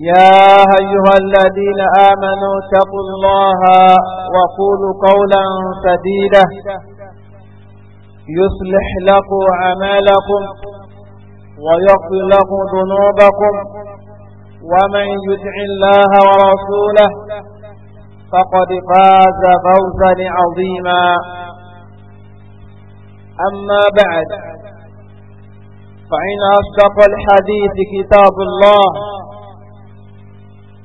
يا أيها الذين آمنوا اتقوا الله وقولوا قولا سديدا يصلح لكم أعمالكم ويغفر لكم ذنوبكم ومن يدع الله ورسوله فقد فاز فوزا عظيما أما بعد فإن أصدق الحديث كتاب الله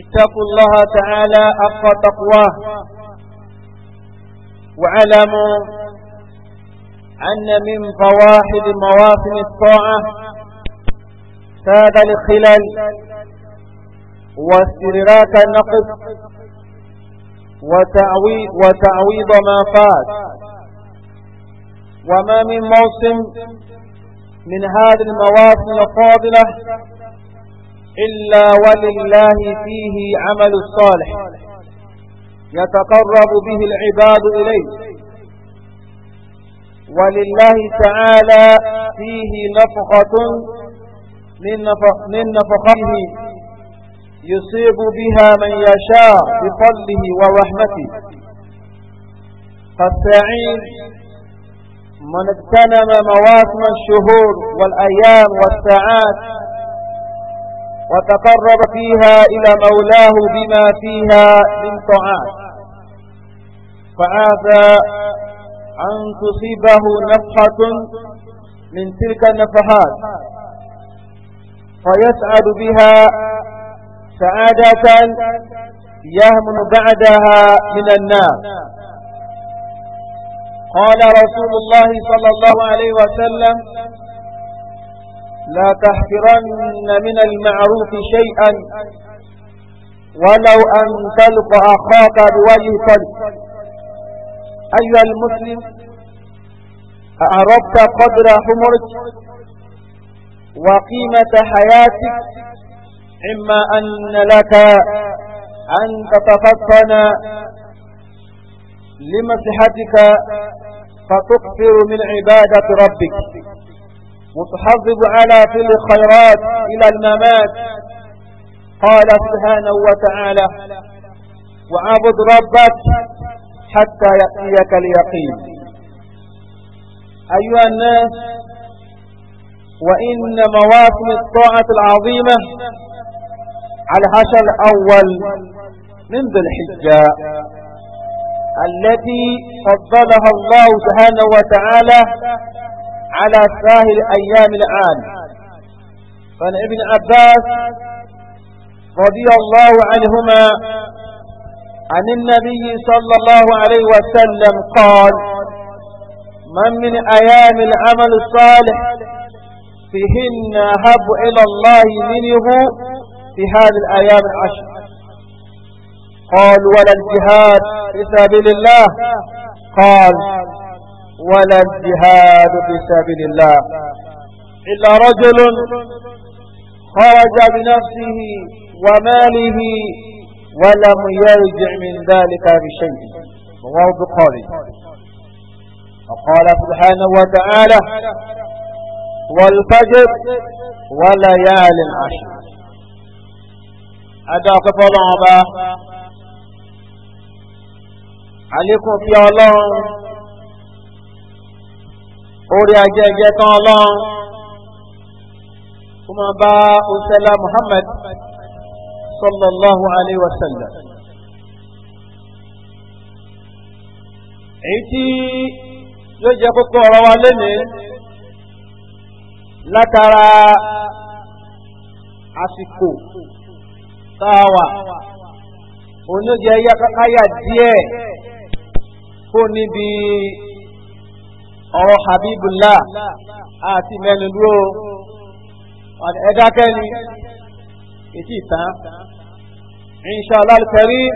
اتقوا الله تعالى حق تقواه واعلموا أن من فواحد مواسم الطاعة ساد الخلل واستدراك النقص وتعويض, وتعويض ما فات وما من موسم من هذه المواسم الفاضلة إلا ولله فيه عمل الصالح يتقرب به العباد إليه ولله تعالى فيه نفخة من, نفخه من يصيب بها من يشاء بفضله ورحمته فالسعيد من اغتنم مواسم الشهور والأيام والساعات وتقرب فيها إلى مولاه بما فيها من طعام فعاذا أن تصيبه نفحة من تلك النفحات فيسعد بها سعادة يهمن بعدها من الناس قال رسول الله صلى الله عليه وسلم لا تحقرن من المعروف شيئا ولو أن تلقى أخاك بوجه صدق أيها المسلم أعرفت قدر حمرك وقيمة حياتك إما أن لك أن تتفطن لمسحتك فتكثر من عبادة ربك متحظب على كل الخيرات إلى الممات قال سبحانه وتعالى وعبد ربك حتى يأتيك اليقين أيها الناس وإن مواسم الطاعة العظيمة على العشر الأول من ذي الحجة التي فضلها الله سبحانه وتعالى على ساهل أيام العام فان ابن عباس رضي الله عنهما عن النبي صلى الله عليه وسلم قال من من أيام العمل الصالح فيهن أحب إلى الله منه في هذه الأيام العشر قال ولا الجهاد في سبيل الله قال ولا الجهاد في سبيل الله إلا رجل خرج بنفسه وماله ولم يرجع من ذلك بشيء رواه البخاري وقال سبحانه وتعالى والفجر وليال عشر ada ọ̀pẹ́ fọ́lọ́run ọba àlékún fi ọlọ́run orí ajẹjẹ tán ọlọ́run kó máa bá ọ̀sẹ̀lá Muhammad sallallahu alayhi wa sallam. èyí tí yóò jẹ́ kókó ọ̀rọ̀ wa lénìí látara àsìkò tá a wà òun yóò jẹ́ díẹ̀ kó níbi ọ̀rọ̀ Habibullah àti mẹ́lúlú o ẹ̀dákẹ́ni ìtì ìtàn inshallah al-karim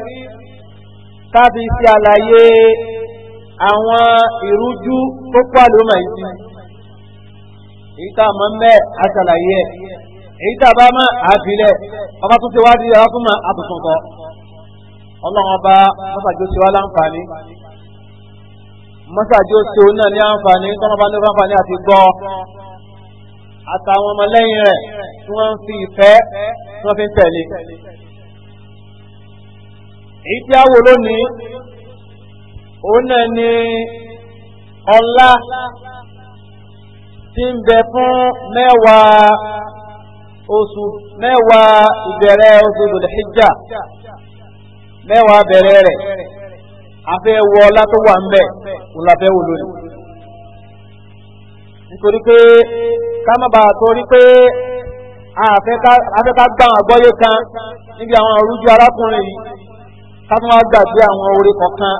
tàbí sí àlàyé àwọn ìrújú tó pàlú màìsí èyí tá a mọ́ mẹ́ àtàlàyé ẹ̀ èyí tá a bá mọ́ àbílẹ̀ ọba tó ti wá di ọba tó mọ́ àtúntò ọlọ́run ọba mọ́sàgbé ti wá láǹfààní mọ́sàájú oṣù náà ní àǹfààní tọ́lọ́bá ní àǹfààní àti gbọ́ àtàwọn ọmọlẹ́yìn rẹ̀ tí wọ́n ń fi ìfẹ́ tí wọ́n fi ń tẹ̀lé. èyí tí a wò lónìí òun náà ni ọlá tí ń bẹ fún mẹ́wàá oṣù mẹ́wàá ìbẹ̀rẹ̀ oṣù Dhul Hijjah mẹ́wàá bẹ̀rẹ̀ rẹ̀. afẹ́ wọ ọlá tó wà ń bẹ̀ ń la wò lónìí. nítorí pé ká má bàa torí pé afẹ́ ká gbá àgbọ́yé kan níbi àwọn orújú arákùnrin yìí ká tún wá gbàgbé àwọn orí kọ̀ọ̀kan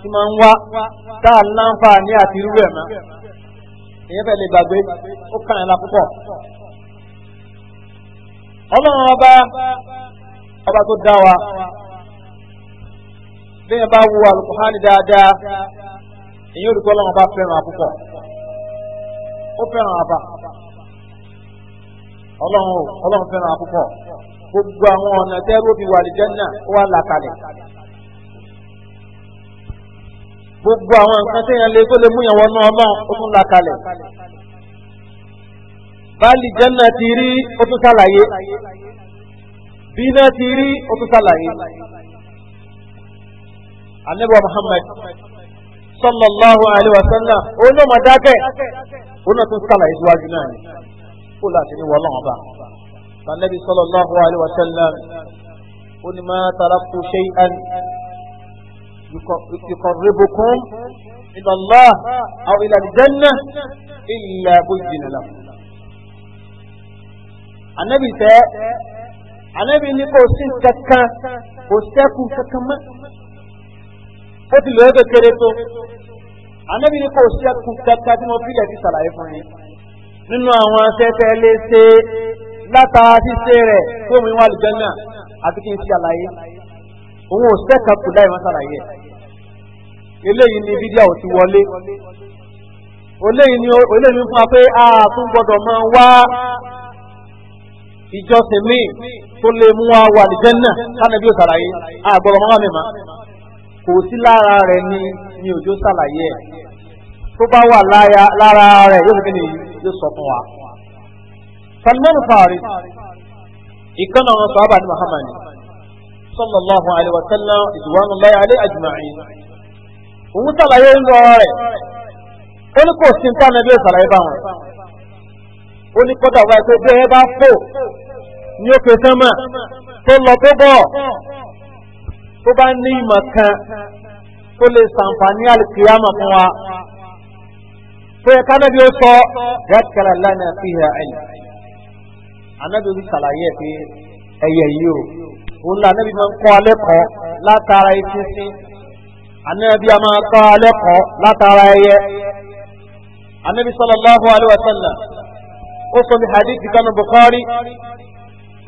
tí máa ń wá tá à láǹfààní àti irú ọba ọba tó wa. bẹ́ẹ̀ bá wo alukuhani dáadáa èyí ò dùkọ́ lọ́wọ́ bá fẹ́ràn àkókò ó fẹ́ràn àbá ọlọ́run ọlọ́run fẹ́ràn àkókò gbogbo àwọn ọ̀nà tẹ́rù fi wà lìjẹ́nà ó wà làkàlẹ̀ gbogbo àwọn nǹkan tẹ́yàn lè tó lè mú yàn wọnú ọlọ́run ó tún làkàlẹ̀ bá lìjẹ́nà ti rí ó tún ṣàlàyé bí náà ti rí ó tún ṣàlàyé anabi wa muhammad sallallahu alaihi wa sallam òun náà máa dákẹ́ òun náà tún sàlàyé síwájú náà ni kó láti ní wọlọ́n ọba anabi sallallahu alaihi wa sallam ó ní máa taraktu shay'an yuqarribukum ila Allah aw ila al-jannah illa bujjina lakum anabi tẹ anabi ní kò sí kankan kò sẹ́kù kankan mọ́ ó ti lọ́ọ́ kékeré tó anábì ní kò sí ẹkùn kankan tí mo fílẹ̀ ti ṣàlàyé fún yín nínú àwọn afẹ́fẹ́ lè ṣe látara ṣíṣe rẹ̀ tó mi wá àlùjánnà àti kí n ṣe àlàyé òun ò sẹ́ka kù láì máa ṣàlàyé eléyìí ni fídíò ò ti wọlé eléyìí ni fún wa pé a tún gbọdọ̀ máa wá ìjọsìn míì tó lè mú wa wà àlùjánnà kánàbí ò ṣàlàyé a máa wà mí máa kò lára rẹ̀ ni ni òjò ṣàlàyé ẹ̀ tó bá wà lára rẹ̀ yóò fi kíni yóò sọ fún wa. Salman Faris ìkan náà sọ abàdí Muhammad sallallahu alaihi wa láyé alẹ́ àjùmáyé. Òun ṣàlàyé ń lọ rẹ̀ ó ní kò sí ní tánà bí ó bá wọn. Ó ní kọ́dà wáyé pé bí ẹ bá fò ní ó pe sánmà tó lọ tó bọ̀ tó bá ní ìmọ̀ kan tó lè sàǹfààní àlùkìyàmọ̀ fún wa tó yẹ kánábí ó sọ yàtìkàrà lánàá fi hàn ẹ̀yìn anábì ó ti ṣàlàyé ẹ̀ pé ẹ̀yẹ yìí o òun là anábì máa ń kọ́ alẹ́ kọ́ látara eṣinṣin anábì a máa kọ́ alẹ́ kọ́ látara ẹyẹ anábì sallallahu alaihi wa sallam ó sọ ní hadith kanu Bukhari.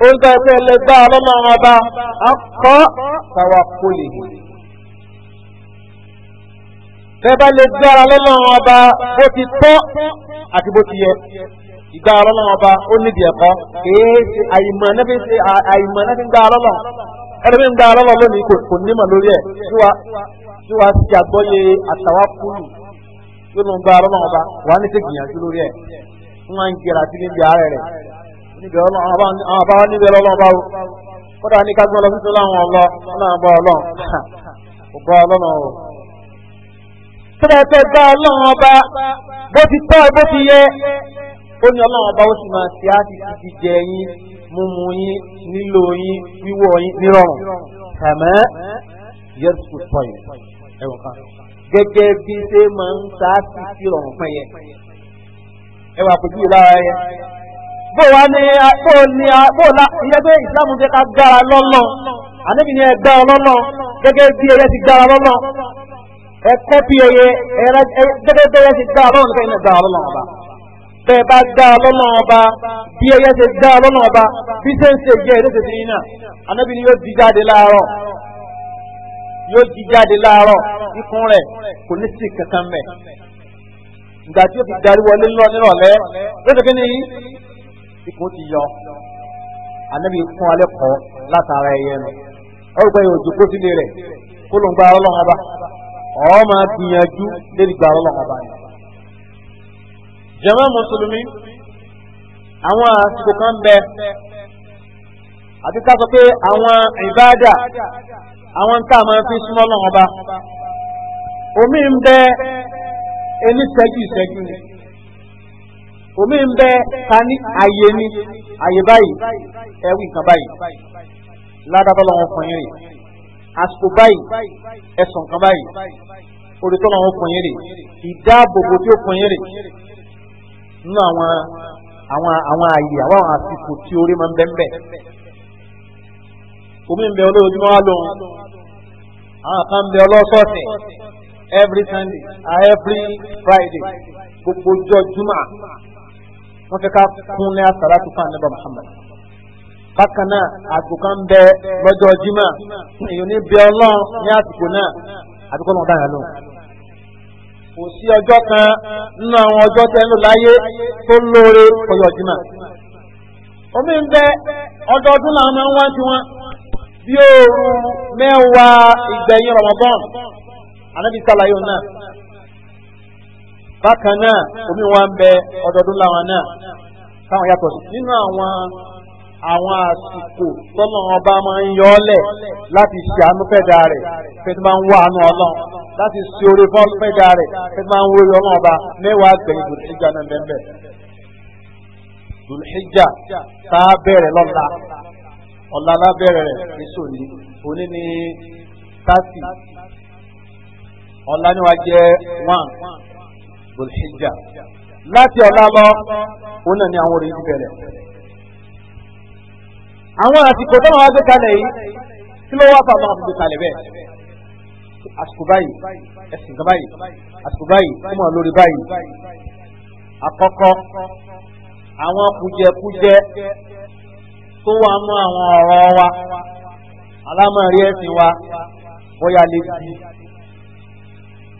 orúkọ ẹgbẹ́ gbaa ọlọ́run ọba akọ́ tàwákólè bẹ́ẹ̀bá lè gbé ara lọ́lọ́run ọba bó ti tọ́ àti bó ti yẹ ìgbà ọlọ́run ó nídìí ẹ̀kọ́ kìí ṣe àìmọ̀ nẹ́bí ṣe lórí yóò lọ ní ṣe gbìyànjú lórí á ń níbi ọlọ́run àbá wa níbi ọlọ́run bá wò kódà ní ká gbọ́n lọ sísun láwọn ọlọ́ náà bá ọlọ́run kò bá ọlọ́run o. sọ́dọ̀ ẹ̀fẹ́ bá ọlọ́run ọba bó ti tọ́ bó ti yẹ ó ní ọlọ́run ọba ó sì máa ṣe á ti ti jẹ yín mímu yín nílò yín wíwọ̀ yín nírọ̀rùn kàmẹ́ yẹ́sù pọ̀yìn ẹ̀wọ̀n kan gẹ́gẹ́ bí ṣe máa ń sáà sí sí ọ̀rùn pẹ́yẹ ẹ̀wọ̀n àpèjúwe lára yẹn bó wa ní bó ní bó la ìyẹn pé ìsìlámù ti ka gbára lọ́lọ́ àníbi ni ẹ gbá ọ lọ́lọ́ gẹ́gẹ́ bí ẹyẹ ti gbára lọ́lọ́ ẹ kọ́pì ẹyẹ gẹ́gẹ́ bí ẹyẹ ti gbára lọ́lọ́ nípa ìyẹn gbára lọ́lọ́ ọba bẹ́ẹ̀ bá gbá ọ lọ́lọ́ ọba bí ẹyẹ ti gbá ọ lọ́lọ́ ọba bí ṣe ń ṣe jẹ́ ẹ̀rẹ́sẹ̀ ti yín náà àníbi ni yóò di jáde láàárọ̀ yóò di jáde láàárọ̀ ikùn rẹ̀ kò ní sí kankan mẹ́ ìgbà tí ó fi darí wọlé lọ nírọ̀lẹ́ lọ́dọ̀ ni ikú ti yọ anabi fún alẹ́ kọ́ látara ẹyẹ nu ọgbà yóò jókòó sílé rẹ̀ kó ló ń gba ọlọ́run ọba ọ̀ máa gbìyànjú lórí gba ọlọ́run ọba yẹn. jàmá mùsùlùmí àwọn àsìkò kan bẹ àti ká sọ pé àwọn ìbáàdà àwọn tá a máa fi súnmọ́ ọlọ́run ọba omi ń bẹ ẹni ṣẹ́jú ìṣẹ́jú ni omi ń bẹ ta ní àyè ni àyè báyìí ẹwì kan báyìí ládàbọ̀lọ̀ wọn fún yín rè àsìkò báyìí ẹ̀sùn kan báyìí olùtọ́lọ̀ wọn fún yín rè ìdáàbòbò tí ó fún yín rè nínú àwọn àwọn àwọn àyè àwọn àsìkò tí orí máa ń bẹ́ ń bẹ̀ omi ń bẹ olóòjúmọ́ wa lòun àwọn kan ń bẹ ọlọ́sọ̀ọ̀sẹ̀ every Sunday every Friday gbogbo ọjọ́ Jumaa. wọ́n fẹ́ ká kúnlẹ̀ asara tupu ànábà Muhammad bákan náà àgbò kan jima lọ́jọ́ jimá èyàn ní bẹ ọlọ́run ní àsìkò kò sí ọjọ́ kan nínú àwọn ọjọ́ tẹ́ ń láyé tó lóore ọjọ́ jimá. omi ń bẹ Bi làwọn máa ń wá ju wọn bí ooru mẹ́wàá náà. bákan náà omi wọn bẹ ọdọọdún làwọn náà táwọn yàtọ̀ sí nínú àwọn àwọn àsìkò tọ́nà ọba máa ń yọ ọ́lẹ̀ láti ṣe àánú fẹ́dà rẹ̀ fẹ́ tó máa ń wá àánú ọlọ́run láti ṣe oore fọ́ fẹ́dà rẹ̀ fẹ́ tó máa ń wó orí ọba mẹ́wàá gbẹ̀yìn dùnìjà náà bẹ́ẹ̀ dùnìjà tá a bẹ̀rẹ̀ lọ́la ọ̀la la bẹ̀rẹ̀ rẹ̀ èso ní òní ní tásì ọ̀la ni wàá jẹ́ one zulhijja láti ọ̀la lọ òun náà ni àwọn orin ti bẹ̀rẹ̀. àwọn àsìkò tó máa gbé kalẹ̀ yìí kí ló wá fà máa fi gbé kalẹ̀ bẹ́ẹ̀. àsìkò báyìí ẹ̀sìn kan báyìí àsìkò báyìí ó mọ̀ lórí báyìí. àkọ́kọ́ àwọn kùjẹkùjẹ tó wà mọ́ àwọn ọ̀rọ̀ wa alámọ̀rí ẹ̀sìn wa bóyá lè bí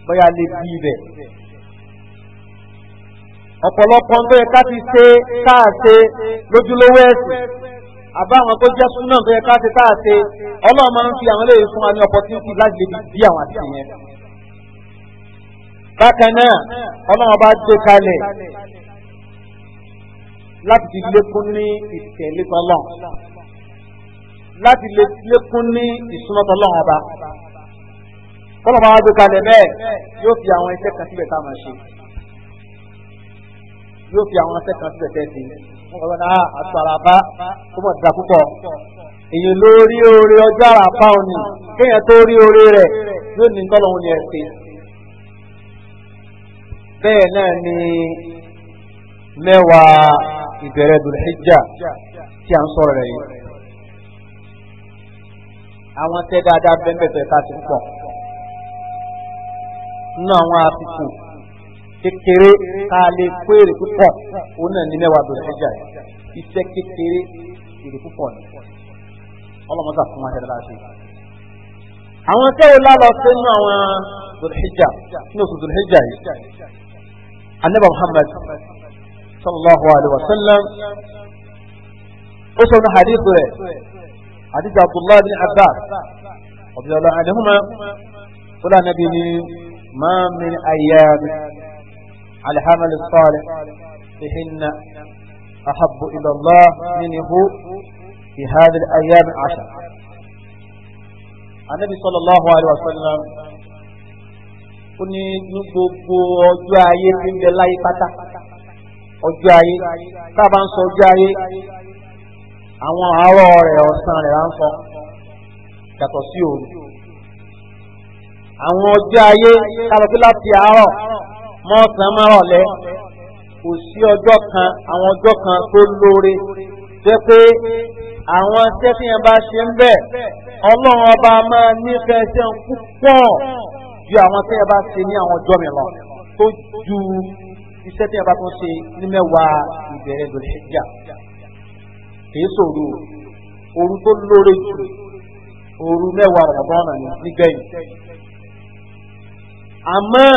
bóyá lè bí ibẹ̀ ọ̀pọ̀lọpọ̀ tó yẹ ká ti ṣe káàṣe lójúlówó ẹ̀sìn àbáwọn tó jẹ́ súnà tó yẹ ká ṣe káàṣe ọlọ́run máa ń fi àwọn eléyìí fún wa ní opportunity láti lè bí àwọn àti yẹn. bákan náà ọlọ́run bá gbé kalẹ̀ láti fi lékún ní ìtẹ̀lé tọ́lọ́n láti lè lékún ní ìsúná tọ́lọ́n ọba kọ́lọ́ máa gbé kalẹ̀ bẹ́ẹ̀ yóò fi àwọn iṣẹ́ kan síbẹ̀ tá a máa ṣe yóò fi àwọn afẹ́ kan sí tẹ̀tẹ̀ sí ọ̀rọ̀ náà àti àràbá ó mọ̀ dá púpọ̀ èyí ló rí oore ọjọ́ àràbá òní kéèyàn tó rí oore rẹ̀ yóò ní tọ́lọ̀ òní ẹ̀ sí. bẹ́ẹ̀ náà ni mẹ́wàá ìbẹ̀rẹ̀ dùlẹ́jà tí a ń sọ̀rọ̀ rẹ̀ yìí àwọn tẹ́ dáadáa bẹ́ẹ̀ bẹ́ẹ̀ bẹ́ẹ̀ ká ti pọ̀ nínú àwọn àfikún kékeré ká lè kó èrè púpọ̀ òun náà ní mẹ́wàá bẹ̀rẹ̀ ṣíjà yìí iṣẹ́ kékeré èrè púpọ̀ ni ọlọ́mọdà fún wa ṣẹlẹ̀ láti. àwọn akẹ́wò lálọ sínú àwọn zulhijja nínú oṣù zulhijja yìí anabi muhammad sallallahu alayhi wa sallam ó sọ ní hadith rẹ̀ hadith abdullah bin abbas ọ̀bìnrin ọ̀la àdéhùnmá ó ní máa min العمل الصالح بهن أحب إلى الله منه في هذه الأيام العشر النبي صلى الله عليه وسلم ó ní ní gbogbo ọjọ́ ayé tí ń bẹ láyé pátá ọjọ́ ayé tá a bá ń sọ ọjọ́ ayé àwọn àárọ̀ rẹ̀ ọ̀sán rẹ̀ á ń sọ yàtọ̀ sí òru àwọn ọjọ́ ayé tá a láti àárọ̀ wọ́n san márọ̀lẹ́ kò sí ọjọ́ kan àwọn ọjọ́ kan tó lóore jẹ́ pé àwọn iṣẹ́ tí yẹn bá ṣe ń bẹ̀ ọlọ́run ọba máa nífẹ̀ẹ́ iṣẹ́ púpọ̀ ju àwọn tí yẹn bá ṣe ní àwọn ọjọ́ mi lọ tó ju iṣẹ́ tí yẹn bá tún ṣe ní mẹ́wàá ìbẹ̀rẹ̀ lórí ìjà kìí sòrò òru tó lóore jù òru mẹ́wàá rọ̀mọ́dọ́nà nígbẹ̀yìn àmọ́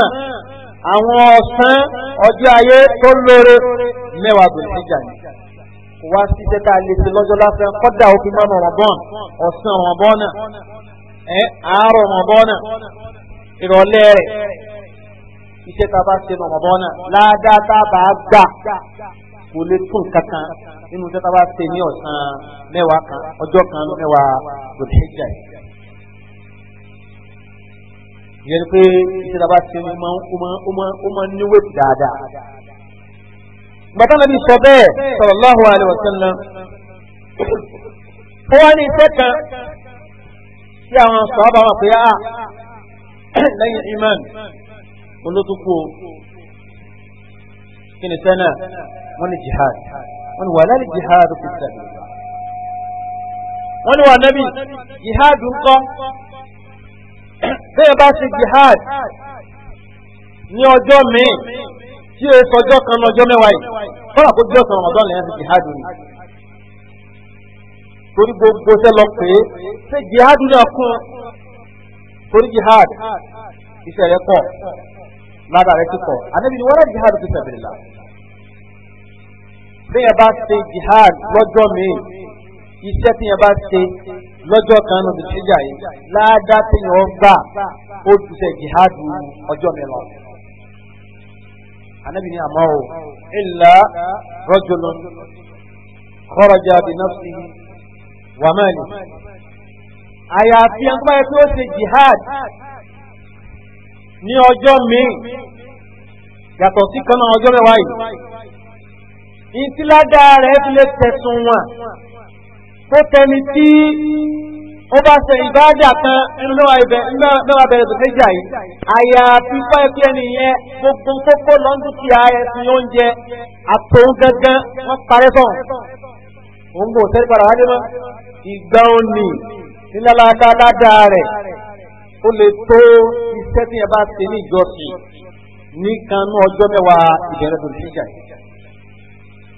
àwọn ọ̀sán ọjọ́ ayé tó lóore mẹ́wàá gbòòrò níjà ni kò wá sí iṣẹ́ tá a lè ṣe lọ́jọ́ lásán kọ́dà òfin máa nà rọ̀bọ́n ọ̀sán rọ̀bọ́n náà ẹ àárọ̀ rọ̀bọ́n náà ìrọ̀lẹ́ rẹ̀ iṣẹ́ tá a bá ṣe rọ̀bọ́n náà ládàá tá a bá gbà kò lè tún kankan nínú iṣẹ́ tá bá ṣe ní ọ̀sán mẹ́wàá kan ọjọ́ kan mẹ́wàá gbòòrò níjà yìí ìyẹn ni pé iṣẹ́ tá a bá ṣe ó máa ó máa ó máa níwèé dáadáa. bàtà nàbí sọ bẹ́ẹ̀ sallallahu alaihi wasallam ó wá ní iṣẹ́ kan tí àwọn sọ̀rọ̀ wọn pé á ah, lẹ́yìn iman olótùkú o kí ni sẹ́nà wọ́n ní jihad wọ́n ní wà lálẹ́ jihad kò tẹ̀lé wọ́n ní wà nábì jihad ńkọ́. bẹ́ẹ̀ bá ṣe jihad ní ọjọ́ míì tí o sọjọ́ kan ní ọjọ́ mẹ́wàá yìí kọ́lá kó bí ọ̀sán lẹ́yìn ṣe jihad torí gbogbo ṣe lọ pé ṣe jihad náà kún torí jihad iṣẹ́ rẹ̀ pọ̀ lára rẹ̀ ti pọ̀ ànábi ni wọ́n rẹ̀ jihad fi sabilillah bá ṣe jihad lọ́jọ́ iṣẹ́ tí yẹn bá ṣe lọ́jọ́ kan nù tìṣíjà yìí ládàá tí yẹn ó gbà ó dùṣe jihadu ọjọ́ mi lọ. anabi ni àmọ́ o illa rajulun kharaja bi nafsihi wa mali. àyàfi ẹni tó bá yẹ kí ó ṣe jihad ní ọjọ́ míì yàtọ̀ sí kan náà ọjọ́ mẹ́wàá yìí. ìtìládàá rẹ̀ fi lè tẹ̀sùn wọn ó tẹni tí ó bá ṣe ìbáàdà kan nínú lọ́wọ́ ibẹ̀ lọ́wọ́ bẹ̀rẹ̀ tó méjà yìí àyàfi fáyọ kí ẹni yẹn gbogbo kókó lọ́ndúkìá ẹ̀sìn oúnjẹ àtòun gangan wọ́n parẹ́ sọ̀n òun kò tẹ́lẹ̀ padà wájú mọ́ ìgbà òní nílálàdá ládàá rẹ̀ ó lè tó iṣẹ́ tí yẹn bá ṣe ní ìjọsìn ní ọjọ́ mẹ́wàá ìbẹ̀rẹ̀ tó méjà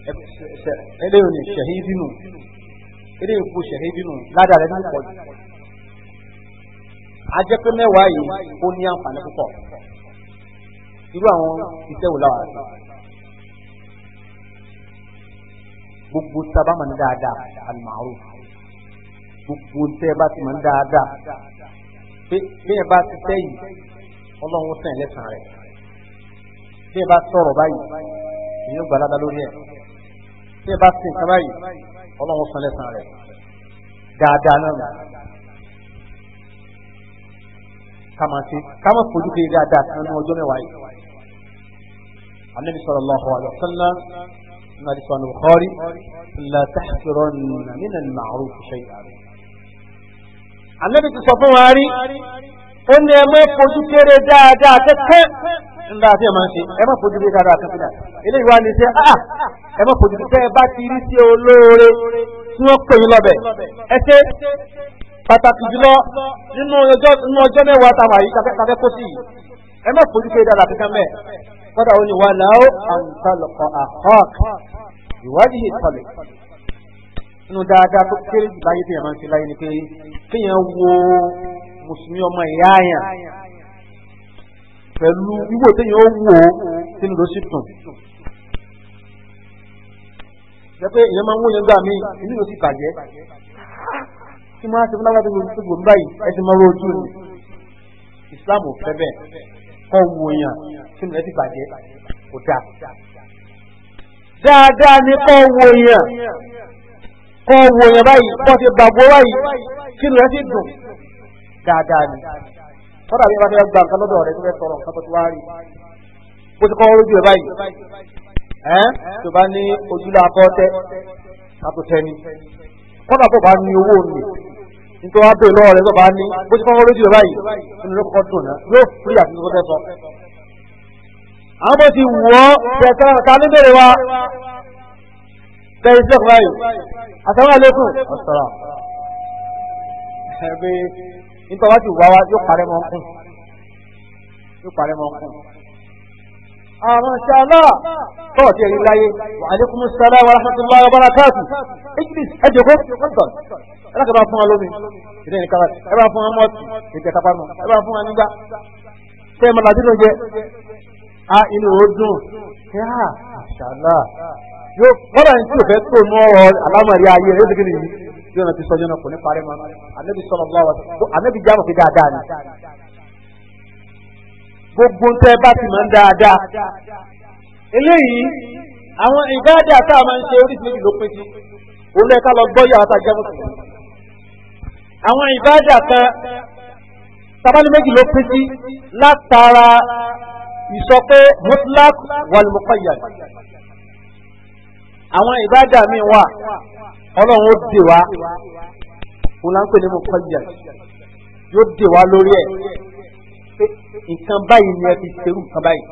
yìí ẹlẹ́yìn eré epo ṣẹ̀rí bínú ládàá rẹ̀ náà pọ̀ jù. a jẹ́ pé mẹ́wàá yìí ó ní àǹfààní púpọ̀ irú àwọn iṣẹ́ wò láwàá sí. gbogbo sábà máa ń dáadáa àlùmáàrú gbogbo tẹ́ ẹ bá ti máa ń dáadáa bí ẹ bá ti sẹ́yìn ọlọ́run sẹ́yìn lẹ́sàn-án rẹ̀ bí ẹ bá sọ̀rọ̀ báyìí èyí ó gbà ládàá lórí ẹ̀ tí ẹ bá sin kaba yìí ọlọ́run san lẹ́sàn rẹ̀ dáadáa náà kama ti kama fojú kiri dáadáa kan ní ọjọ́ mẹ́wàá yìí anabi sallallahu alaihi wasallam na di sọnù bukhari la tahqiranna min al-ma'ruf shay'an anabi ti sọ fún wa rí ó ní ẹ mọ fojú kiri dáadáa kẹkẹ ńlá tí ẹ máa ń ṣe ẹ má fojú bí dáadáa kan sílẹ̀ eléyìí wá ní sẹ́ ah ẹ má fojú bí tẹ́ ẹ bá ti rí sí olóore tí wọ́n pè yín lọ́bẹ̀ ẹ ṣe pàtàkì jùlọ nínú ọjọ́ mẹ́wàá táwọn àyíká fẹ́ kó sí yìí ẹ má fojú bí dáadáa kankan mẹ́ kọ́dà ó ní wà láó àǹtálọ̀kọ̀ àhọ́k ìwádìí ìtọ́lẹ̀ nínú dáadáa tó kéré jù láyé tí ẹ ṣe láyé ni pé kéèyàn wo mùsùlùmí ọmọ ìyá àyàn pẹ̀lú wíwò téèyàn ó wò ó sínú ló sì tàn. jẹ́ pé èèyàn máa ń wóyan gbà mí inú ló sì bàjẹ́ kí máa ṣe fún lágbàdo gbogbo gbogbo báyìí ẹ ti máa ro ojú ni Islam ò fẹ́ bẹ́ẹ̀ kọ́ wòyàn sínú ẹ ti bàjẹ́ kò dáa. dáadáa ni kọ́ wòyàn kọ́ wòyàn báyìí kọ́ ti gbàgbọ́ báyìí sínú ẹ ti dùn dáadáa ni kọ́dà bí wọ́n fẹ́ gba nǹkan lọ́dọ̀ rẹ̀ tó fẹ́ sọ̀rọ̀ nǹkan tó ti wá rí bó ti kọ́ ojú ẹ̀ báyìí ẹ́ tó bá ní ojúlé akọ́ tẹ́ kátó tẹ́ni kọ́dà tó bá ní owó nì nítorí wọ́n bèèrè lọ́wọ́ rẹ̀ tó bá ní bó ti kọ́ ojú ẹ̀ báyìí tó ní ló kọ́ dùn náà yóò fúri àti tó fẹ́ sọ. àwọn bó ti wọ́ tẹ̀sán ká ní bèrè wa tẹ̀sán báyìí àtàwọn àlékún nítorí wá ti wá wá yóò parẹ́ mọ́ kún yóò parẹ́ mọ́ kún. àmọ́ ṣe àlá tọ́wọ̀ tí èyí láyé wa alaikum salaam wa rahmatullahi wa barakatuh ejibis ẹjọ́kọ́ ọ̀dọ̀n ẹlẹ́kẹ̀ bá fún wa lómi ìdí ní kára ẹ bá fún wa mọ́ọ̀tì ìdí ẹ̀ka pamọ́ ẹ bá fún wa nígbà tẹ́ ẹ mọ̀ jẹ a inú ó dùn ṣe à ṣàlá yóò wọ́n bí wọn ti sọ yẹn náà kò ní parí mọ anabi sọlọ lọ wọn tó anabi jáwọ fi dáadáa ni gbogbo ntẹ bá ti máa ń dáadáa eléyìí àwọn ìbáàdé àti àwọn máa ń ṣe oríṣiríṣi ló pín sí òun lẹ́ka lọ gbọ́ yàrá tá a jẹ́ mùsùlùmí àwọn ìbáàdé àti tabali méjì ló pín látara ìsọpé mutlak wal muqayyad àwọn ìbáàdé mi wà ọlọ́run ó dè wá òun là ń pè ní mo kọjá yóò dè wá lórí ẹ̀ pé nǹkan báyìí ni ẹ fi ṣerú nǹkan báyìí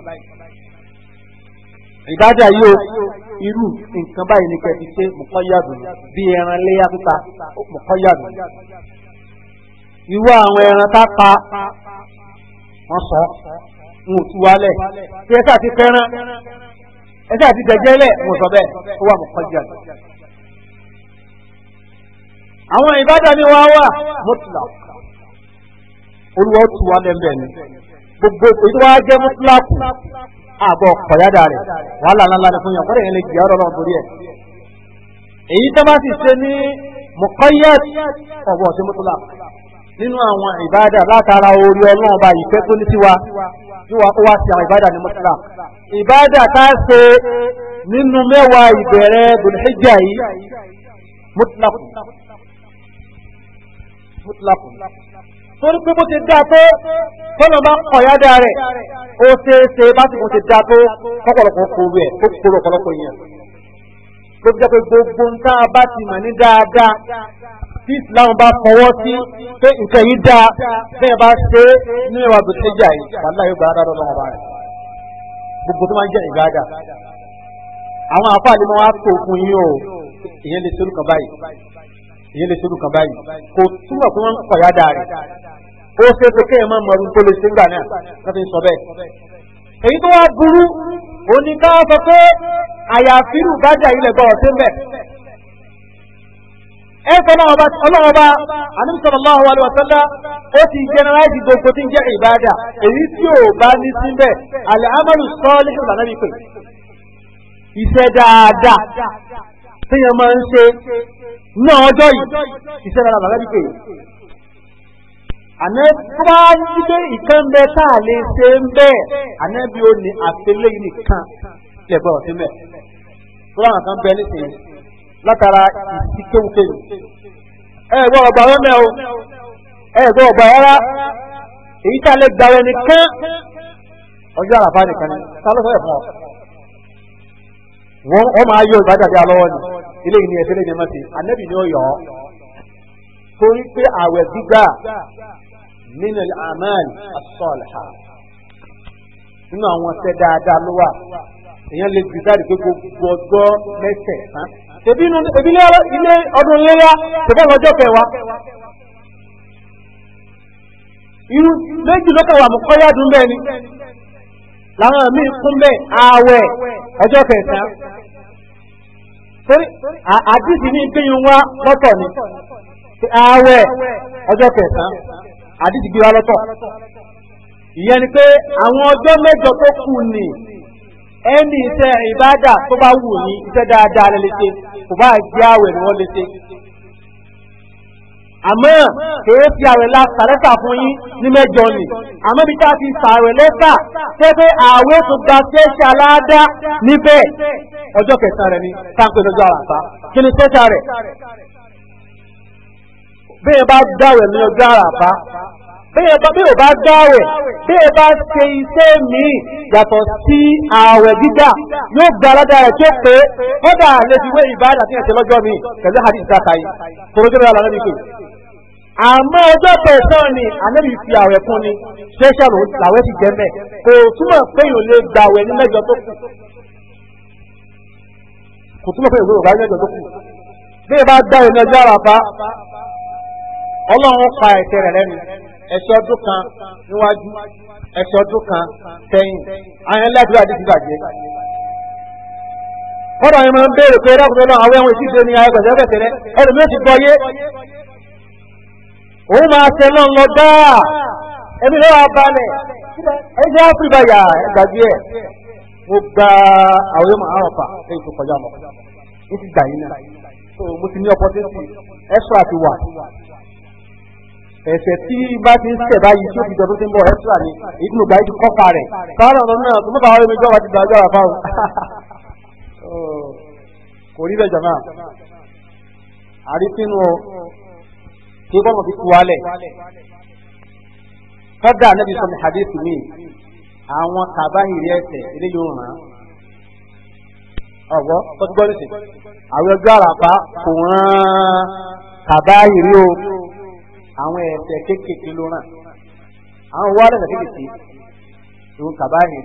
ìbádà yìí o irú nǹkan báyìí ni kẹfì ṣe mọ̀kọ́yàdù bí ẹran léyà títa mọ̀kọ́yàdù irú àwọn ẹran tá pa wọ́n sọ wọn ò wálẹ̀ tí ẹ sáà ti fẹ́ràn ẹ sáà ti dẹ̀jẹ́lẹ̀ wọn sọ bẹ́ẹ̀ ó wà mọ̀kọ́yàdù àwọn ìbádà ni wọ́n wà mọ́tìlá olùwọ́ tù wá lẹ́mbẹ̀ ni gbogbo ètò wa jẹ́ mọ́tìláàkù àbọ̀ kọ̀yádà rẹ̀ wàhálà ńláńlá ni fún yàn kọ́dẹ̀ yẹn lè jìyà ọ̀rọ̀ lórí ẹ̀ èyí tó bá sì ṣe ní mọ̀kọ́yẹ́t ọ̀bọ̀ sí mọ́tìláàkù nínú àwọn ìbádà látara orí ọlọ́run ọba ìfẹ́ tó ní tiwa tí wa ó wá sí àwọn ìbádà ní mọ́tìláàkù ìbádà tá a ṣe nínú mẹ́wàá ìbẹ̀rẹ̀ bùnìhíjà yìí mọ́tìláàkù mutlaqun torí pé bó ti dáa tó tọ́nà bá ọ̀yádá rẹ̀ ó ṣe é ṣe bá ti bó ti dáa tó kọ́kọ̀lọ́kọ̀ kó rẹ̀ ó kóró ọ̀pọ̀lọpọ̀ yẹn tó fi jẹ́ gbogbo ń bá ti mọ̀ ní dáadáa tí Islam bá fọwọ́ sí pé nǹkan yìí dáa bẹ́ẹ̀ bá ṣe é ní ìwà gbèsèjà yìí wàhálà yóò gbà dáadáa lọ́wọ́ bá rẹ̀ gbogbo tó máa ń jẹ́ ìgbàdà àwọn àfáà ni wọ́n á tó fún yín èyí lè tóbi kan báyìí kò túmọ̀ pé wọ́n ń pọ̀ yáda rẹ̀ ó ṣe é ṣe kéèyàn máa mọ̀rún tó lè ṣe ńgbà náà wọ́n fi ń sọ bẹ́ẹ̀. èyí tó wá burú òní ká sọ pé àyàfírù bájà ilẹ̀ gbọ́ ọ̀sẹ̀ mẹ́. ẹ sọ ọlọ́wọ́ bá anúṣọlọ́wọ́ wa lọ́wọ́ sọ́lá ó ti jẹnẹráìtì gbogbo tí ń jẹ́ ìbáàdà èyí tí ò bá ní síbẹ̀ àlẹ́ amọ̀lù sọ́ọ́lì tí yẹn máa ń ṣe ní ọjọ́ yìí iṣẹ́ rárá bàbá bí àná bá ti dé ìkan bẹ lè ṣe ń bẹ́ẹ̀ àná bí ó ní o ọgbà rárá èyí tá a lè nìkan ọjọ́ wọ́n máa yọ ìbájáde alọ́wọ́ ni. eléyìí ni ẹ̀fẹ́ lẹ́yìn mọ́tì ànábì ni ó yọ ọ́ torí pé àwẹ̀ gbígbà nínú àmàlì àsọ̀lá nínú àwọn ṣẹ́ dáadáa ló wà èèyàn lè gbé jáde pé gbogbo ọjọ́ mẹ́sẹ̀ẹ̀sán tẹ̀bí ilé ọdún léyà tẹ̀bí ọlọ́jọ́ kẹwàá irú méjì lọ́kàn wà mú kọ́yá dùn bẹ́ẹ̀ ni làwọn míì kún bẹ́ẹ̀ ààwẹ̀ ọjọ́ kẹsàn-án torí àdìsí ní gbẹ̀yìn wá lọ́tọ̀ ni ààwẹ̀ ọjọ́ kẹsàn-án àdìsí gbé wá lọ́tọ̀ ìyẹn ni pé àwọn ọjọ́ mẹ́jọ tó kù ni ẹni iṣẹ́ ìbádà tó bá wù ní iṣẹ́ dáadáa lè ṣe kò bá jẹ́ ààwẹ̀ ni wọ́n lè ṣe àmọ́ kèé fi àwẹ̀ la sàrẹ́sà fún yín ní mẹ́jọ ni àmọ́ bí ká fi sàrẹ̀ lẹ́sà tẹ́fẹ́ àwẹ̀ tó gba ṣẹ́ṣẹ́ aláàdá níbẹ̀ ọjọ́ kẹsàn-án rẹ̀ ni káńpé lọ́jọ́ àràfá kí ni ṣẹ́ṣẹ́ rẹ̀ bẹ́ẹ̀ bá dáwẹ̀ ní ọjọ́ àràfá bẹ́ẹ̀ bá bẹ́ẹ̀ bá dáwẹ̀ bẹ́ẹ̀ bá ṣe iṣẹ́ míì yàtọ̀ sí ààwẹ̀ gíga yóò gba aládàá rẹ̀ tó pé kódà lè fi wé ìbáradà tí ẹ̀ ṣe lọ́jọ́ mi pẹ̀lú àdìsí àmọ́ ọjọ́ kẹsàn-án ni ànábì fi àwẹ̀ fún ni ṣẹ́ṣẹ́ làwẹ̀ ti jẹ́ mẹ́ kò túmọ̀ pé èèyàn lè gba àwẹ̀ ní mẹ́jọ tó kù kò túmọ̀ pé èèyàn lè gba àwẹ̀ ní mẹ́jọ tó kù bí ìbá dá ìrìn ọjọ́ àràfá ọlọ́run pa ẹ̀ṣẹ̀ rẹ̀ lẹ́nu ẹ̀ṣẹ̀ ọdún kan níwájú ẹ̀ṣẹ̀ ọdún kan sẹ́yìn àyàn lẹ́gbẹ̀ẹ́ àti ìgbàgbé kọ́dọ̀ yẹn máa ń béèrè pé ẹ̀rọ àwọn ẹ̀wọ̀n ìṣiṣẹ́ ni ayẹ̀kọ̀ṣẹ́ fẹ̀sẹ̀ rẹ̀ ẹlòmíràn ti gbọ́ yé òun máa tẹ náà lọ dáa ẹbí lọ́wọ́ abalẹ̀ ẹjọ́ áfíríkà yà ẹgbàgbé ẹ̀ mo gba àwọn yóò máa rọ̀pà lẹ́yìn tó kọjá mọ́ ní ti gbà yín náà so mo ti ní opportunity extra ti wà ẹsẹ̀ tí bá ti ń sẹ̀ báyìí tí ó fi jọ tó ti ń bọ̀ extra ni èyí tí mo gbà yín ti kọ́pa rẹ̀ káwọn ọ̀dọ́ náà tó mọ̀kà wọlé mi jọba ti gbàgbọ́ àbá o kò rí bẹ́ẹ̀ jọ̀mọ́ àrífínú kí bọ́mọ̀ fi tu alẹ̀ kọ́dà anábì sọ ní hadith mi àwọn kàbáyìrì ẹsẹ̀ ilé yóò ràn án ọ̀gbọ́ tó gbọ́ nìsí àwọn ẹgbẹ́ àràpá kò rán kàbáyìrì o àwọn ẹsẹ̀ kéékèèké ló ràn àwọn wàhálà ẹsẹ̀ kéékèèké ló ń kàbáyìrì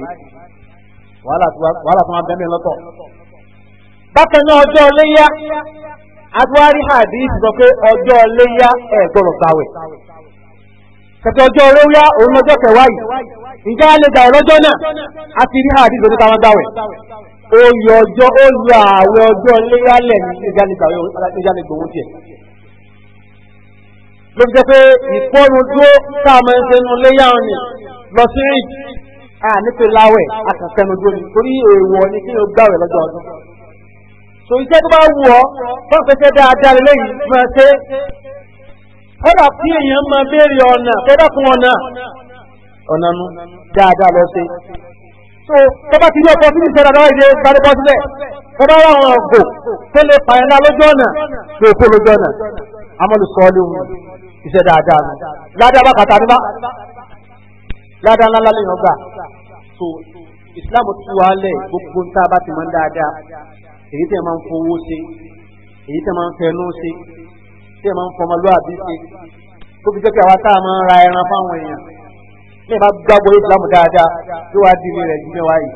wàhálà tó wà bẹ́ẹ̀ lọ́tọ̀ bákan náà ọjọ́ ọlẹ́yà. adúlárí hadith sọ pé ọjọ́ léyà ẹ̀gbọ́rọ̀ gbàwẹ̀ kẹtẹ ọjọ́ léyà òun lọ́jọ́ kẹwàá yìí ǹjẹ́ a lè gbà lọ́jọ́ náà a ti rí hadith lórí táwọn tiẹ̀ ló jẹ́ pé ìpọ́nu dúró wọn ni lọ sí láwẹ̀ àkàkẹ́nu dúró ni torí èèwọ̀ ni kí tò iṣẹ́ tó bá wù ọ́ fún pẹ́sẹ́ dáadáa lélẹ́yìn máa ṣe kọ́dà tí èèyàn máa béèrè ọ̀nà fẹ́dà fún ọ̀nà ọ̀nà nu dáadáa lọ ṣe so tó bá ti ní ọkọ̀ sí ìṣẹ́ dáadáa ìdè sáré bọ́ sílẹ̀ tó bá wà wọn gò tó lè pààyàn náà lójú ọ̀nà tó èkó lójú ọ̀nà amọ̀lùsọ́ọ́lù iṣẹ́ dáadáa nu ládàá bá kàtà níbá ládàá ńlá lálẹ́ yàn gbà so Islam tú wa lẹ̀ gbogbo ń tá a bá ti mọ́ dáadáa èyí tẹ́ máa ń fowó ṣe èyí tẹ́ máa ń fẹnu ṣe tẹ́ máa ń fọmọlúàbí ṣe tó fi jẹ́ pé àwa tá a máa ń ra ẹran fáwọn èèyàn bí bá gbàgbọ́ ìsìlámù dáadáa tó wàá di rẹ̀ jù mẹ́wàá yìí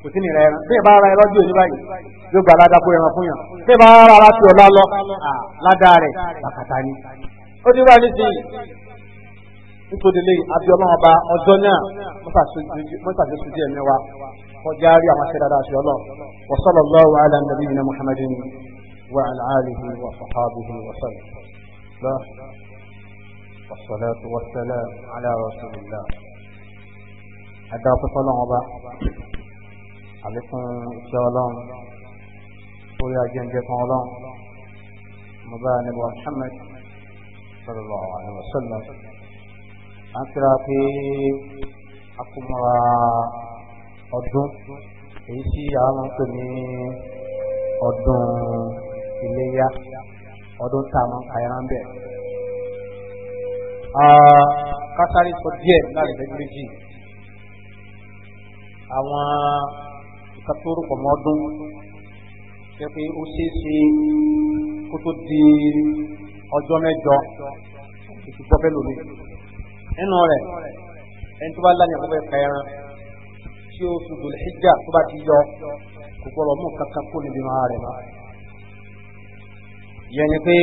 kò sí ní ra ẹran bí ẹ bá ra ẹran lọ́jọ́ òní báyìí yóò gba aládàá kó ẹran fún yàn bí ẹ bá ra ara tí ọlá lọ ládàá rẹ̀ bàkàtà ni. ó ti wá ní sí nítorí lẹ́yìn abiola ọba ọjọ́ náà mọ́tàṣojú díẹ̀ mẹ́wàá وجاري rí سيدنا رسول الله وصلى الله على نبينا محمد وعلى اله وصحبه وسلم والصلاة والسلام على رسول الله هذا صلى الله عليكم السلام ويا جنجة الله مبان محمد صلى الله عليه وسلم أنت في أقوم ọdún èyí tí àwọn máa ń pè ní ọdún iléyá ọdún tá a máa ń kàyà ń bẹ̀. kásárì sọ díẹ̀ láàrin lẹ́gbẹ̀ẹ́ méjì àwọn ìkàtúrú pọ̀mọ́ ọdún jẹ́ pé ó ṣeé ṣe kó tó di ọjọ́ mẹ́jọ ìtúgbọ́fẹ́ lómi nínú rẹ̀ ẹni tó bá lánàá kó fẹ́ kẹran tí ó ṣubú hijja tó bá ti yọ kò gbọ́dọ̀ mú kankan kó níbi máa rẹ̀ mọ́. ìyẹn ni pé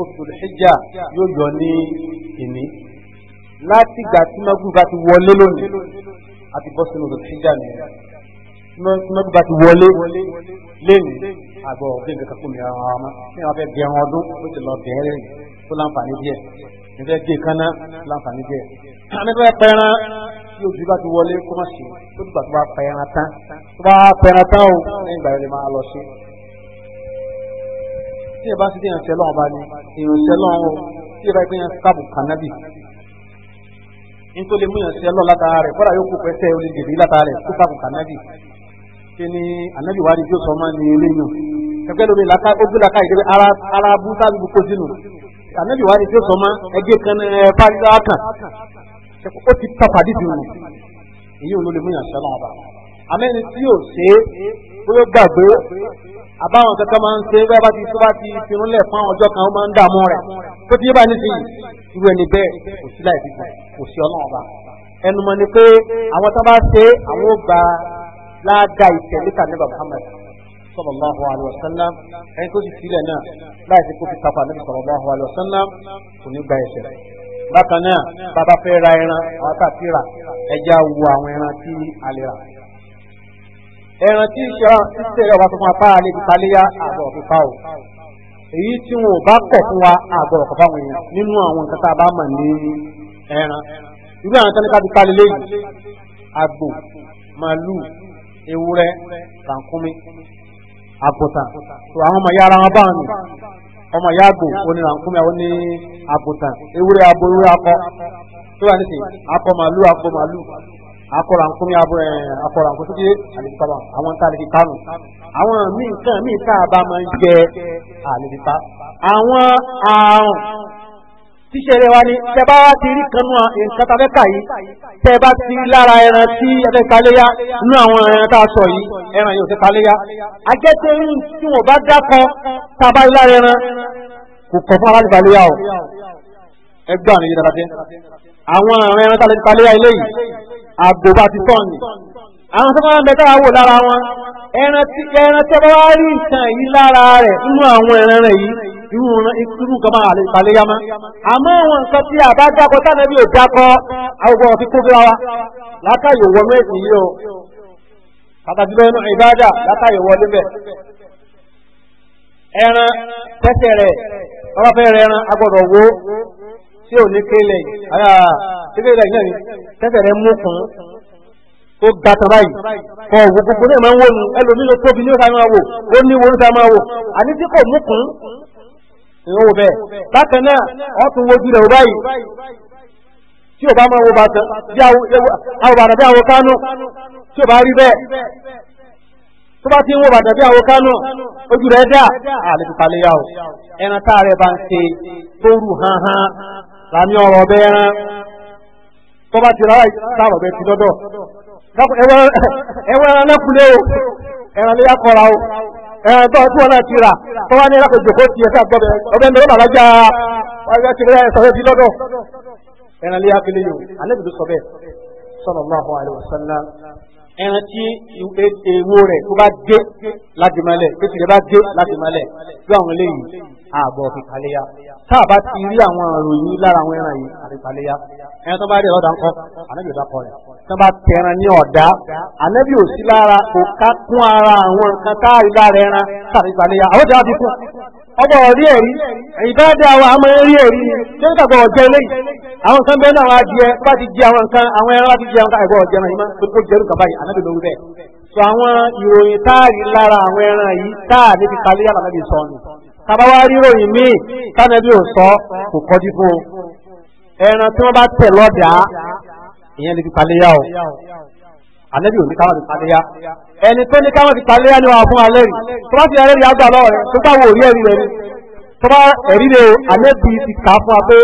oṣù hijja yóò yọ ní ìní láti ìgbà tí mọ́gbù bá ti wọlé lónìí àti bọ́ sínú oṣù hijja nìyẹn mọ́gbù bá ti wọlé lénìí àgbọ̀ ọ̀gbìn kankan kó mi ara wọn mọ́ ní wọn fẹ́ bẹ̀rẹ̀ ọdún ó ti lọ bẹ̀rẹ̀ tó láǹfààní díẹ̀ nífẹ̀ẹ́ gbé kaná láǹfààní díẹ̀. àmì fẹ́ pẹ́ran tí ojú bá ti wọlé kó má ṣe tó dùgbà tó bá pẹran tán tó bá pẹran tán o lẹ́yìn ìgbà yẹn lè máa lọ ṣe. tí ẹ bá ti dìyàn sẹlọ́n ọba ni èèyàn sẹlọ́n o tí ẹ bá gbé yẹn káàbù kànábì nítorí mú yẹn sẹlọ́n látara rẹ̀ kọ́dà yóò kó pẹ́sẹ́ olè dèbí látara rẹ̀ kó káàbù kànábì kí ni ànábì wàá di tí ó sọ ọmọ ni eléyìn kẹkẹ lómi laka ojú laka yìí kẹkẹ ara ara bú sábì kó sínú ànábì wàá di tí ó sọ ọmọ ẹgbẹ́ ó ti tọpa dídì wù èyí olólè mú yàn sọ́nà ọba àmẹ́ni tí yóò ṣe é bóyá gbàgbé àbáwọn kankan máa ń ṣe é bá ti tó bá ti firúnlẹ̀ fún àwọn ọjọ́ kan ó máa ń dààmú rẹ̀ tó ti yé báyìí nísìnyí irú ẹni bẹ́ẹ̀ kò sí láì dìbò kò sí ọlọ́run ọba ẹnu mọ̀ ni pé àwọn tó bá ṣe àwọn ó gba láàdá ìtẹ̀lé tàbí Muhammad sallallahu alaihi wasallam ẹni tó ti sílẹ̀ náà láì sí kó fi kápá níbi sallallahu alaihi wasallam kò ní gba ẹ̀ṣẹ̀ bákan náà bàbá fẹ́ ra ẹran àwọn àti rà ẹja wo àwọn ẹran tí a lè rà. ẹran tí ìṣọ́ra títẹ̀ rẹ̀ wá fún apá alẹ́ ìtàléyà àbọ̀ òfìfà o èyí tí wọn ò bá kọ̀ fún wa àbọ̀ ọ̀kọ̀ fáwọn èèyàn nínú àwọn nǹkan tá a bá mọ̀ ní ẹran irú àwọn tẹ́lẹ̀ kábi pálí léyìí àgbò màálù ewúrẹ́ kàǹkúmi àgùntàn tó àwọn ọmọ yàrá wọn bá wọn nù ọmọ yaago onira nkúmi àwọn ní àgùntàn ewúrẹ́ abo ewúrẹ́ akọ tó wà nísìnyí akọ màálù akọ màálù akọra nkúmi abo ẹ akọra nkúmi tó yé àlejòkaba àwọn tá a lè fi àwọn míì nǹkan míì tá bá máa ń jẹ àlejòkaba àwọn àrùn tíṣẹ̀rẹ̀ wa ni tẹ bá wá ti rí kanú nǹkan tá a fẹ́ kà yìí tẹ bá ti lára ẹran tí ẹ fẹ́ ka léyà nínú àwọn ẹran tá a sọ yìí ẹran yóò fẹ́ ka léyà. àjẹsẹ́ irú tí wọ́n bá dákọ tá a bá rí lára ẹran kò kọ̀ fún aláàbí balẹ̀ o ẹ gbọ́ àníyàn dáadáa jẹ́. àwọn ọ̀ràn ẹran tá a lè balẹ̀ yà ilé yìí àgbò bá ti tọ̀ ni. àwọn tó máa ń bẹ táwa wò lára wọn ẹran tí wá rí nǹkan yìí lára rẹ̀ nínú àwọn ẹran rẹ̀ yìí irú irú nǹkan máa ìpàlẹ́yà mọ́. àmọ́ àwọn nǹkan tí àbá dákọ sánẹ́bí ò dákọ àwọn ọ̀fi kó bíra wa látàyò wọnú ẹ̀sìn yìí o pàtàkì lọ́nà ìbáàdà látàyò wọlé bẹ̀. ẹran tẹ́tẹ̀ rẹ̀ ọba fẹ́ rẹ ẹran agbọ́dọ̀ wo tí ò ní kéle àyà kékeré náà ni tẹ́tẹ̀ rẹ̀ mú kún ó ga tán báyìí kọ wò gbogbo náà máa ń wò nù ẹlòmíì ló tóbi ní ó sá máa wò ó ní wo ó sá máa wò àní tí kò mú kún ìwọ́n bẹ́ẹ̀ bákan náà wọ́n tún wojú rẹ̀ tí ò bá máa wo bí àwòbàtàn kánú tí ò bá rí bẹ́ẹ̀ tó bá ti ń bí àwo kánú ojú rẹ̀ dá àlejò paléyà o ẹran tá a rẹ̀ bá ń ṣe tó rù hanhan ọ̀rọ̀ ọbẹ̀ ẹran tó bá ti ti ẹwọ́n ẹran o ẹran o. ẹ̀ẹ́dọ́ tí wọ́n náà ti rà tó wá ní ẹ̀rọ ìjòkó ti ẹ̀fẹ́ àgbọ̀dẹ̀ ọbẹ̀ ní ọlọ́lá já wáyé ti rẹ̀ sọ̀rọ̀ di lọ́dọ̀ ẹ̀ràn lé akílẹ̀ yòó sọ bẹ́ẹ̀ sallallahu alaihi wasallam ẹran tí èwo rẹ̀ tó bá gé láti mọ́lẹ̀ tó bá gé láti tí àwọn eléyìí ààbọ̀ fìkàlẹ́yà tá a bá ti rí àwọn ìròyìn lára àwọn ẹran yìí àfìkàlẹ́yà ẹran tó bá rí ọ̀dà ńkọ́ ànábì ọ̀dà kọ rẹ̀ tó bá tẹran ní ọ̀dà ànábì ò sí lára kò ká kún ara àwọn nǹkan tá a rí lára ẹran tá àwọn ìjọba ti kún ọgbọ̀ ọ̀rí ẹ̀rí ìbáàdà àwọn àmọ́ ẹ̀rí ẹ̀rí tí ó gbàgbọ́ ọ̀jẹ́ ilé àwọn nǹkan bẹ́ẹ̀ náà wá bá ti àwọn nǹkan àwọn ẹran láti jẹ àwọn ẹ̀gbọ́ náà tó kó jẹ́rù kàbá ànábì lórí bẹ́ẹ̀ àwọn ìròyìn táàrí lára àwọn ẹran yìí ti yàrá sọ ni rí ròyìn míì ò sọ kò kọjú fún ẹran tí bá ìyẹn ti yà ànábì ò ní káwọn fi paléyà ẹni tó ní káwọn fi paléyà ni wàá fún alẹ́ rí tó bá fi ẹrẹ́ rí agbá lọ́wọ́ rẹ tó bá wò rí ẹ̀rí rẹ ni tó bá ẹ̀rí rẹ o ànábì ti kà á fún wa pé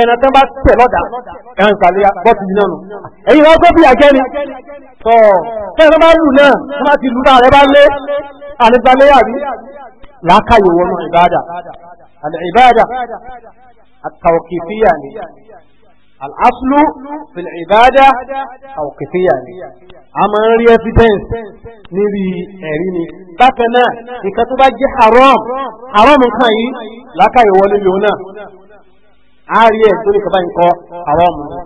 ẹni tó bá tẹ̀ lọ́dà ẹ̀rọ ìpaléyà bọ́ọ̀tù yìí náà nù. ẹ̀yin wọn kó bí àjẹni tọ̀ tẹ́lẹ̀ tó bá lù náà tó bá ti lù náà rẹ bá lé ànípaléyà rí làákàyè wọnú ìbáàdà àlè ìbáàdà àtàwọ̀kì الأصل في العبادة توقيفية أما ري evidence نري أريني بكنا إكتب جي حرام حرام كاي لا كاي ولي لونا ààrẹ lórí kaba nǹkan àwọn ọmọ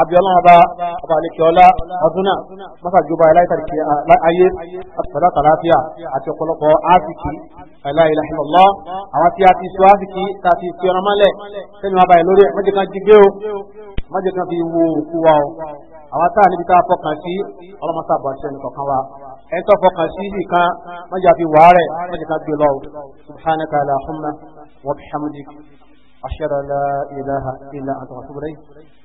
abiola ọba ọba alekiola ọdúnà masajuba aláìsàdìkì ayé àtàlà tàlàfíà àti ọ̀pọ̀lọpọ̀ áfíkì aláìláhìlọ́lọ́ àwọn tí a ti sọ áfíkì tá a ti fi ọ̀nà mọ́lẹ̀ sẹ́ni wọn báyìí lórí ẹ̀mọ́jì kan jí gbé o má jẹ́ kí wọ́n fi wo òkú wa o àwọn táà níbi tá fọkàn sí ọlọ́mọta àbọ̀ṣẹ́ nìkọ̀kan wa ẹni tó fọkàn sí nìkan má àfi wàárẹ̀ má jẹ́ gbé lọ o subhanaka allahumma wa bihamdik ashhadu an la ilaha illa anta astaghfiruka